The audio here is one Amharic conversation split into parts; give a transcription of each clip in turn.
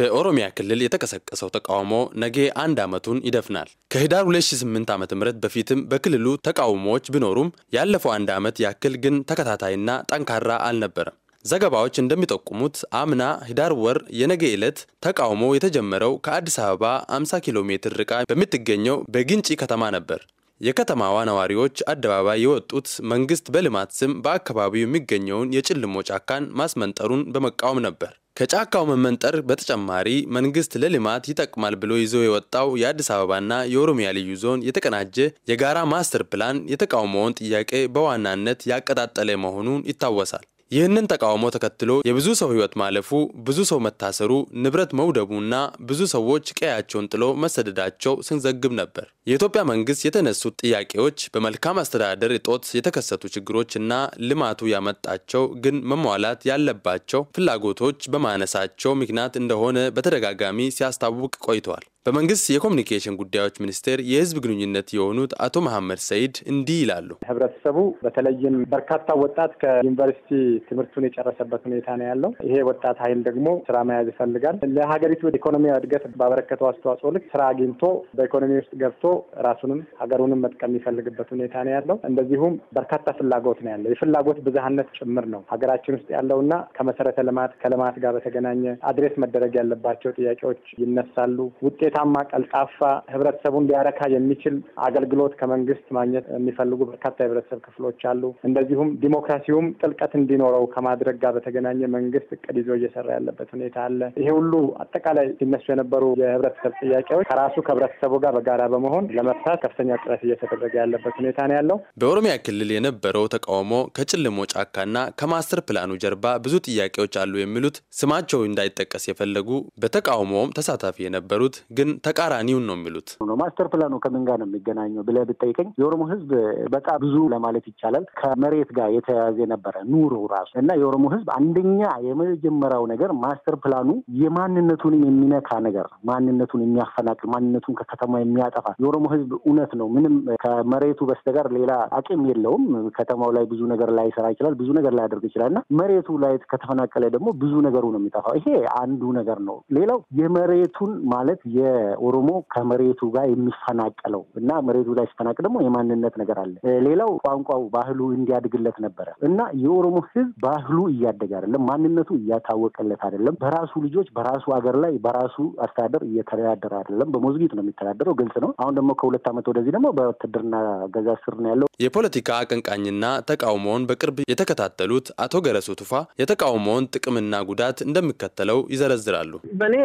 በኦሮሚያ ክልል የተቀሰቀሰው ተቃውሞ ነገ አንድ ዓመቱን ይደፍናል። ከህዳር 2008 ዓ ም በፊትም በክልሉ ተቃውሞዎች ቢኖሩም ያለፈው አንድ ዓመት ያክል ግን ተከታታይና ጠንካራ አልነበረም። ዘገባዎች እንደሚጠቁሙት አምና ህዳር ወር የነገ ዕለት ተቃውሞ የተጀመረው ከአዲስ አበባ 50 ኪሎ ሜትር ርቃ በምትገኘው በግንጪ ከተማ ነበር። የከተማዋ ነዋሪዎች አደባባይ የወጡት መንግስት በልማት ስም በአካባቢው የሚገኘውን የጭልሞ ጫካን ማስመንጠሩን በመቃወም ነበር። ከጫካው መመንጠር በተጨማሪ መንግስት ለልማት ይጠቅማል ብሎ ይዞ የወጣው የአዲስ አበባና የኦሮሚያ ልዩ ዞን የተቀናጀ የጋራ ማስተር ፕላን የተቃውሞውን ጥያቄ በዋናነት ያቀጣጠለ መሆኑን ይታወሳል። ይህንን ተቃውሞ ተከትሎ የብዙ ሰው ህይወት ማለፉ፣ ብዙ ሰው መታሰሩ፣ ንብረት መውደቡና ብዙ ሰዎች ቀያቸውን ጥሎ መሰደዳቸው ስንዘግብ ነበር። የኢትዮጵያ መንግስት የተነሱት ጥያቄዎች በመልካም አስተዳደር እጦት የተከሰቱ ችግሮች እና ልማቱ ያመጣቸው ግን መሟላት ያለባቸው ፍላጎቶች በማነሳቸው ምክንያት እንደሆነ በተደጋጋሚ ሲያስታውቅ ቆይተዋል። በመንግስት የኮሚኒኬሽን ጉዳዮች ሚኒስቴር የህዝብ ግንኙነት የሆኑት አቶ መሐመድ ሰይድ እንዲህ ይላሉ። ህብረተሰቡ በተለይም በርካታ ወጣት ከዩኒቨርሲቲ ትምህርቱን የጨረሰበት ሁኔታ ነው ያለው። ይሄ ወጣት ኃይል ደግሞ ስራ መያዝ ይፈልጋል። ለሀገሪቱ ኢኮኖሚ እድገት ባበረከተው አስተዋጽኦ ልክ ስራ አግኝቶ በኢኮኖሚ ውስጥ ገብቶ ራሱንም ሀገሩንም መጥቀም የሚፈልግበት ሁኔታ ነው ያለው። እንደዚሁም በርካታ ፍላጎት ነው ያለው። የፍላጎት ብዝሃነት ጭምር ነው ሀገራችን ውስጥ ያለውና ከመሰረተ ልማት ከልማት ጋር በተገናኘ አድሬስ መደረግ ያለባቸው ጥያቄዎች ይነሳሉ ውጤት ውጤታማ፣ ቀልጣፋ ህብረተሰቡን ሊያረካ የሚችል አገልግሎት ከመንግስት ማግኘት የሚፈልጉ በርካታ የህብረተሰብ ክፍሎች አሉ። እንደዚሁም ዲሞክራሲውም ጥልቀት እንዲኖረው ከማድረግ ጋር በተገናኘ መንግስት እቅድ ይዞ እየሰራ ያለበት ሁኔታ አለ። ይሄ ሁሉ አጠቃላይ ሲነሱ የነበሩ የህብረተሰብ ጥያቄዎች ከራሱ ከህብረተሰቡ ጋር በጋራ በመሆን ለመፍታት ከፍተኛ ጥረት እየተደረገ ያለበት ሁኔታ ነው ያለው። በኦሮሚያ ክልል የነበረው ተቃውሞ ከጭልሞ ጫካና ከማስተር ፕላኑ ጀርባ ብዙ ጥያቄዎች አሉ የሚሉት ስማቸው እንዳይጠቀስ የፈለጉ በተቃውሞውም ተሳታፊ የነበሩት ግን ግን ተቃራኒውን ነው የሚሉት። ማስተር ፕላኑ ከምን ጋር ነው የሚገናኘው ብለ ብጠይቀኝ የኦሮሞ ህዝብ በጣም ብዙ ለማለት ይቻላል ከመሬት ጋር የተያያዘ ነበረ ኑሮ ራሱ እና የኦሮሞ ህዝብ አንደኛ የመጀመሪያው ነገር ማስተር ፕላኑ የማንነቱን የሚነካ ነገር ማንነቱን የሚያፈናቅል ማንነቱን ከከተማ የሚያጠፋ የኦሮሞ ህዝብ እውነት ነው ምንም ከመሬቱ በስተቀር ሌላ አቅም የለውም። ከተማው ላይ ብዙ ነገር ላይሰራ ይችላል፣ ብዙ ነገር ላያደርግ ይችላል እና መሬቱ ላይ ከተፈናቀለ ደግሞ ብዙ ነገሩ ነው የሚጠፋው። ይሄ አንዱ ነገር ነው። ሌላው የመሬቱን ማለት የ የኦሮሞ ከመሬቱ ጋር የሚፈናቀለው እና መሬቱ ላይ ሲፈናቅ ደግሞ የማንነት ነገር አለ። ሌላው ቋንቋው፣ ባህሉ እንዲያድግለት ነበረ እና የኦሮሞ ህዝብ ባህሉ እያደገ አይደለም፣ ማንነቱ እያታወቀለት አይደለም። በራሱ ልጆች በራሱ አገር ላይ በራሱ አስተዳደር እየተዳደረ አይደለም። በሞዝጊት ነው የሚተዳደረው፣ ግልጽ ነው። አሁን ደግሞ ከሁለት ዓመት ወደዚህ ደግሞ በውትድርና ገዛ ስር ነው ያለው። የፖለቲካ አቀንቃኝና ተቃውሞውን በቅርብ የተከታተሉት አቶ ገረሱ ቱፋ የተቃውሞውን ጥቅምና ጉዳት እንደሚከተለው ይዘረዝራሉ። በእኔ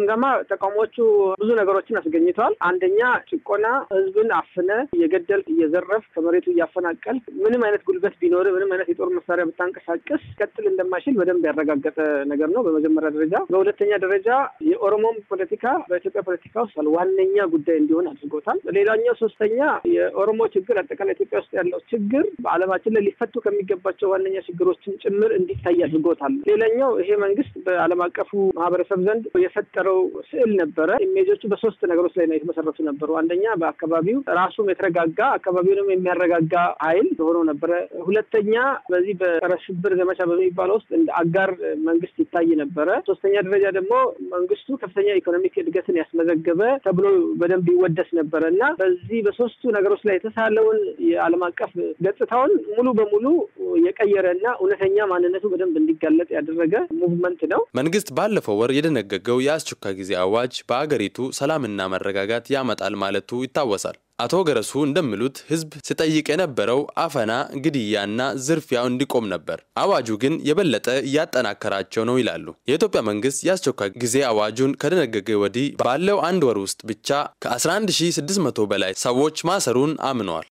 ግምገማ ተቃውሞቹ ብዙ ነገሮችን አስገኝተዋል። አንደኛ ጭቆና፣ ህዝብን አፍነ እየገደል እየዘረፍ ከመሬቱ እያፈናቀል ምንም አይነት ጉልበት ቢኖር ምንም አይነት የጦር መሳሪያ ብታንቀሳቀስ ቀጥል እንደማይችል በደንብ ያረጋገጠ ነገር ነው በመጀመሪያ ደረጃ። በሁለተኛ ደረጃ የኦሮሞን ፖለቲካ በኢትዮጵያ ፖለቲካ ውስጥ ዋነኛ ጉዳይ እንዲሆን አድርጎታል። ሌላኛው ሶስተኛ የኦሮሞ ችግር አጠቃላይ ኢትዮጵያ ውስጥ ያለው ችግር በዓለማችን ላይ ሊፈቱ ከሚገባቸው ዋነኛ ችግሮችን ጭምር እንዲታይ አድርጎታል። ሌላኛው ይሄ መንግስት በዓለም አቀፉ ማህበረሰብ ዘንድ የፈጠረው የነበረው ስዕል ነበረ። ኢሜጆቹ በሶስት ነገሮች ላይ ነው የተመሰረቱ ነበሩ። አንደኛ በአካባቢው ራሱም የተረጋጋ አካባቢውንም የሚያረጋጋ ኃይል ሆኖ ነበረ። ሁለተኛ በዚህ በጸረ ሽብር ዘመቻ በሚባለው ውስጥ እንደ አጋር መንግስት ይታይ ነበረ። ሶስተኛ ደረጃ ደግሞ መንግስቱ ከፍተኛ ኢኮኖሚክ እድገትን ያስመዘገበ ተብሎ በደንብ ይወደስ ነበረ እና በዚህ በሶስቱ ነገሮች ላይ የተሳለውን የዓለም አቀፍ ገጽታውን ሙሉ በሙሉ የቀየረ እና እውነተኛ ማንነቱ በደንብ እንዲጋለጥ ያደረገ ሙቭመንት ነው። መንግስት ባለፈው ወር የደነገገው የአስቸኳይ የአስቸኳይ ጊዜ አዋጅ በአገሪቱ ሰላምና መረጋጋት ያመጣል ማለቱ ይታወሳል። አቶ ገረሱ እንደሚሉት ህዝብ ሲጠይቅ የነበረው አፈና፣ ግድያና ዝርፊያው እንዲቆም ነበር። አዋጁ ግን የበለጠ እያጠናከራቸው ነው ይላሉ። የኢትዮጵያ መንግስት የአስቸኳይ ጊዜ አዋጁን ከደነገገ ወዲህ ባለው አንድ ወር ውስጥ ብቻ ከ11600 በላይ ሰዎች ማሰሩን አምነዋል።